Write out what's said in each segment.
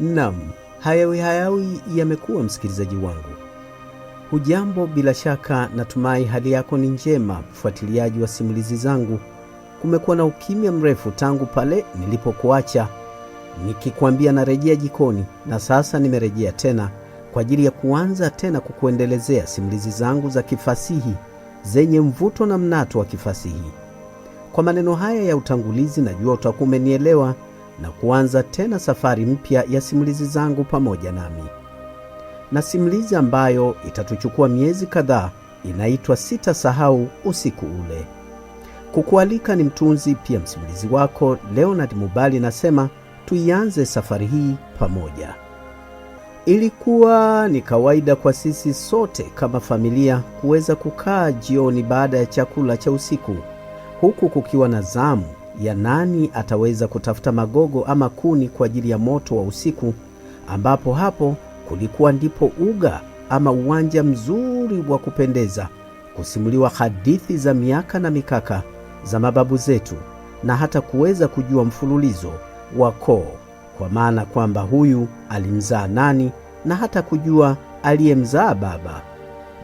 Naam, hayawi hayawi yamekuwa, msikilizaji wangu. Hujambo? Bila shaka natumai hali yako ni njema, mfuatiliaji wa simulizi zangu. Kumekuwa na ukimya mrefu tangu pale nilipokuacha nikikwambia narejea jikoni, na sasa nimerejea tena kwa ajili ya kuanza tena kukuendelezea simulizi zangu za kifasihi zenye mvuto na mnato wa kifasihi. Kwa maneno haya ya utangulizi, najua utakuwa umenielewa na kuanza tena safari mpya ya simulizi zangu pamoja nami. Na simulizi ambayo itatuchukua miezi kadhaa inaitwa Sitasahau Usiku Ule. Kukualika ni mtunzi pia msimulizi wako Leonard Mubali, nasema tuianze safari hii pamoja. Ilikuwa ni kawaida kwa sisi sote kama familia kuweza kukaa jioni baada ya chakula cha usiku, huku kukiwa na zamu ya nani ataweza kutafuta magogo ama kuni kwa ajili ya moto wa usiku, ambapo hapo kulikuwa ndipo uga ama uwanja mzuri wa kupendeza kusimuliwa hadithi za miaka na mikaka za mababu zetu, na hata kuweza kujua mfululizo wa koo, kwa maana kwamba huyu alimzaa nani, na hata kujua aliyemzaa baba,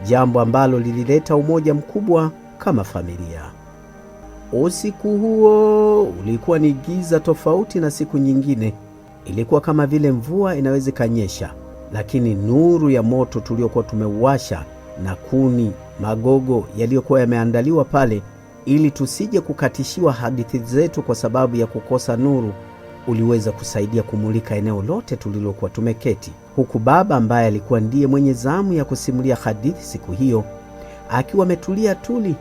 jambo ambalo lilileta umoja mkubwa kama familia. Usiku huo ulikuwa ni giza tofauti na siku nyingine. Ilikuwa kama vile mvua inaweza ikanyesha, lakini nuru ya moto tuliokuwa tumeuwasha na kuni, magogo yaliyokuwa yameandaliwa pale ili tusije kukatishiwa hadithi zetu kwa sababu ya kukosa nuru, uliweza kusaidia kumulika eneo lote tulilokuwa tumeketi, huku baba ambaye alikuwa ndiye mwenye zamu ya kusimulia hadithi siku hiyo akiwa ametulia tuli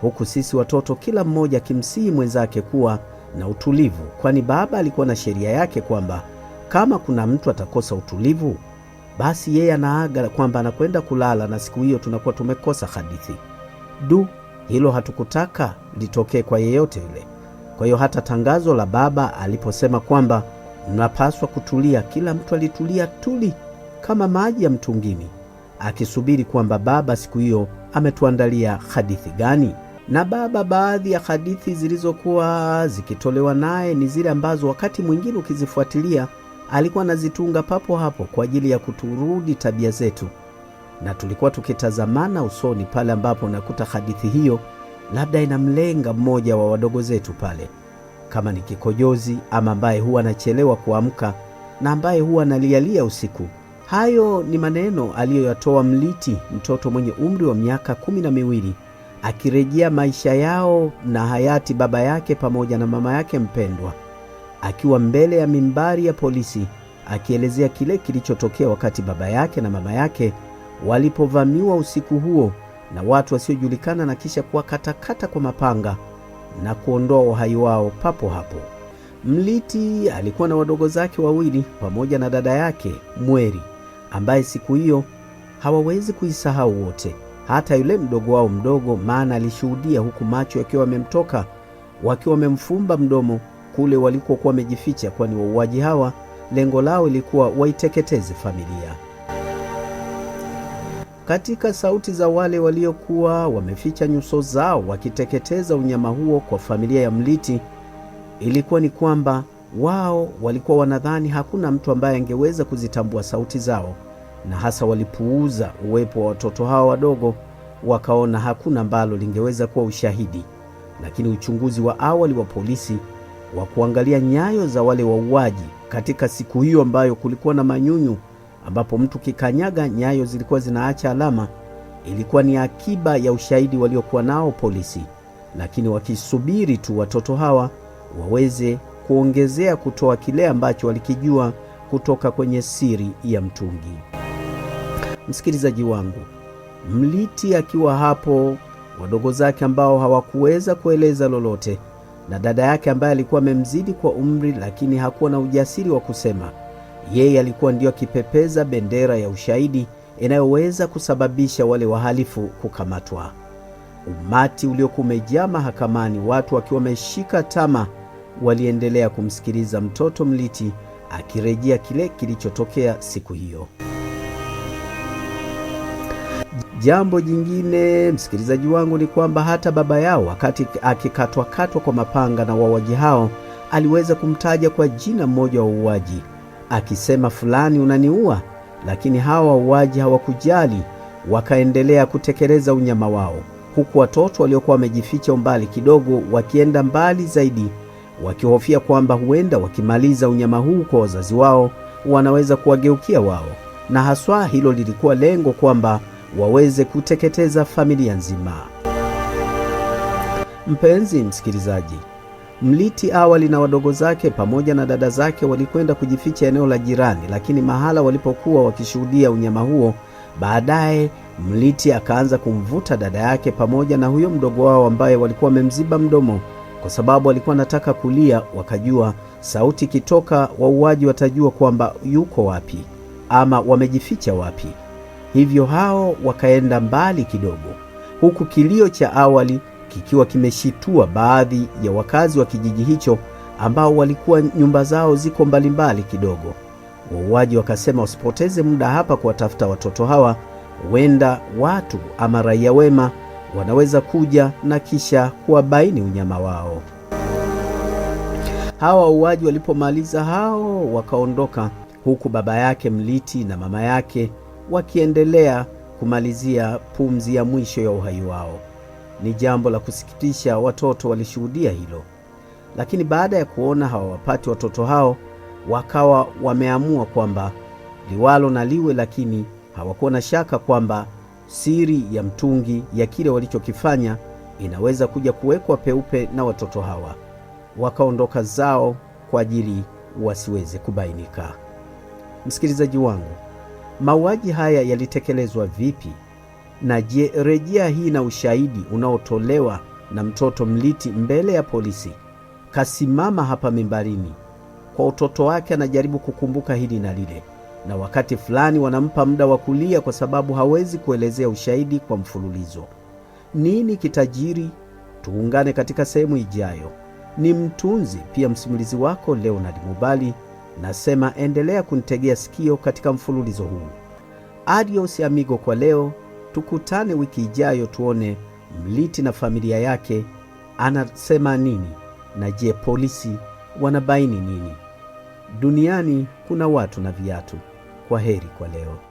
huku sisi watoto kila mmoja akimsihi mwenzake kuwa na utulivu, kwani baba alikuwa na sheria yake kwamba kama kuna mtu atakosa utulivu, basi yeye anaaga kwamba anakwenda kulala na siku hiyo tunakuwa tumekosa hadithi. Du, hilo hatukutaka litokee kwa yeyote yule. Kwa hiyo hata tangazo la baba aliposema kwamba mnapaswa kutulia, kila mtu alitulia tuli kama maji ya mtungini, akisubiri kwamba baba siku hiyo ametuandalia hadithi gani na baba. Baadhi ya hadithi zilizokuwa zikitolewa naye ni zile ambazo wakati mwingine ukizifuatilia alikuwa anazitunga papo hapo kwa ajili ya kuturudi tabia zetu, na tulikuwa tukitazamana usoni pale ambapo unakuta hadithi hiyo labda inamlenga mmoja wa wadogo zetu pale, kama ni kikojozi ama ambaye huwa anachelewa kuamka na ambaye huwa analialia usiku. Hayo ni maneno aliyoyatoa Mliti, mtoto mwenye umri wa miaka kumi na miwili akirejea maisha yao na hayati baba yake pamoja na mama yake mpendwa, akiwa mbele ya mimbari ya polisi akielezea kile kilichotokea wakati baba yake na mama yake walipovamiwa usiku huo na watu wasiojulikana na kisha kuwakatakata kwa mapanga na kuondoa uhai wao papo hapo. Mliti alikuwa na wadogo zake wawili pamoja na dada yake Mweri ambaye siku hiyo hawawezi kuisahau wote hata yule mdogo wao mdogo, maana alishuhudia, huku macho yakiwa yamemtoka, wakiwa wamemfumba mdomo kule walikokuwa wamejificha, kwani wauaji hawa lengo lao ilikuwa waiteketeze familia. Katika sauti za wale waliokuwa wameficha nyuso zao wakiteketeza unyama huo kwa familia ya Mliti, ilikuwa ni kwamba wao walikuwa wanadhani hakuna mtu ambaye angeweza kuzitambua sauti zao na hasa walipuuza uwepo wa watoto hawa wadogo, wakaona hakuna ambalo lingeweza kuwa ushahidi. Lakini uchunguzi wa awali wa polisi wa kuangalia nyayo za wale wauaji katika siku hiyo ambayo kulikuwa na manyunyu, ambapo mtu kikanyaga nyayo zilikuwa zinaacha alama, ilikuwa ni akiba ya ushahidi waliokuwa nao polisi, lakini wakisubiri tu watoto hawa waweze kuongezea kutoa kile ambacho walikijua kutoka kwenye siri ya mtungi msikilizaji wangu, Mliti akiwa hapo, wadogo zake ambao hawakuweza kueleza lolote, na dada yake ambaye alikuwa amemzidi kwa umri, lakini hakuwa na ujasiri wa kusema, yeye alikuwa ndiyo akipepeza bendera ya ushahidi inayoweza kusababisha wale wahalifu kukamatwa. Umati uliokuwa umejaa mahakamani, watu wakiwa wameshika tama, waliendelea kumsikiliza mtoto Mliti akirejea kile kilichotokea siku hiyo. Jambo jingine msikilizaji wangu ni kwamba hata baba yao wakati akikatwakatwa kwa mapanga na wauaji hao aliweza kumtaja kwa jina mmoja wa uuaji akisema, fulani unaniua, lakini hawa wauaji hawakujali, wakaendelea kutekeleza unyama wao, huku watoto waliokuwa wamejificha umbali kidogo wakienda mbali zaidi, wakihofia kwamba huenda wakimaliza unyama huu kwa wazazi wao wanaweza kuwageukia wao, na haswa hilo lilikuwa lengo kwamba waweze kuteketeza familia nzima. Mpenzi msikilizaji, Mliti awali na wadogo zake pamoja na dada zake walikwenda kujificha eneo la jirani, lakini mahala walipokuwa wakishuhudia unyama huo, baadaye Mliti akaanza kumvuta dada yake pamoja na huyo mdogo wao ambaye walikuwa wamemziba mdomo kwa sababu alikuwa anataka kulia. Wakajua sauti ikitoka wauaji watajua kwamba yuko wapi ama wamejificha wapi hivyo hao wakaenda mbali kidogo, huku kilio cha awali kikiwa kimeshitua baadhi ya wakazi wa kijiji hicho ambao walikuwa nyumba zao ziko mbalimbali kidogo. Wauaji wakasema, wasipoteze muda hapa kuwatafuta watoto hawa, huenda watu ama raia wema wanaweza kuja na kisha kuwabaini unyama wao. Hawa wauaji walipomaliza hao wakaondoka, huku baba yake Mliti na mama yake wakiendelea kumalizia pumzi ya mwisho ya uhai wao. Ni jambo la kusikitisha, watoto walishuhudia hilo, lakini baada ya kuona hawawapati watoto hao, wakawa wameamua kwamba liwalo na liwe, lakini hawakuwa na shaka kwamba siri ya mtungi ya kile walichokifanya inaweza kuja kuwekwa peupe na watoto hawa. Wakaondoka zao kwa ajili wasiweze kubainika. Msikilizaji wangu Mauaji haya yalitekelezwa vipi? Na je, rejea hii na ushahidi unaotolewa na mtoto Mliti mbele ya polisi, kasimama hapa mimbarini, kwa utoto wake anajaribu kukumbuka hili na lile, na wakati fulani wanampa muda wa kulia kwa sababu hawezi kuelezea ushahidi kwa mfululizo. Nini kitajiri? Tuungane katika sehemu ijayo. Ni mtunzi pia msimulizi wako Leonard Mubali. Nasema endelea kunitegea sikio katika mfululizo huu. Adios amigo kwa leo, tukutane wiki ijayo tuone Mliti na familia yake anasema nini, na je, polisi wanabaini nini? Duniani kuna watu na viatu. Kwa heri kwa leo.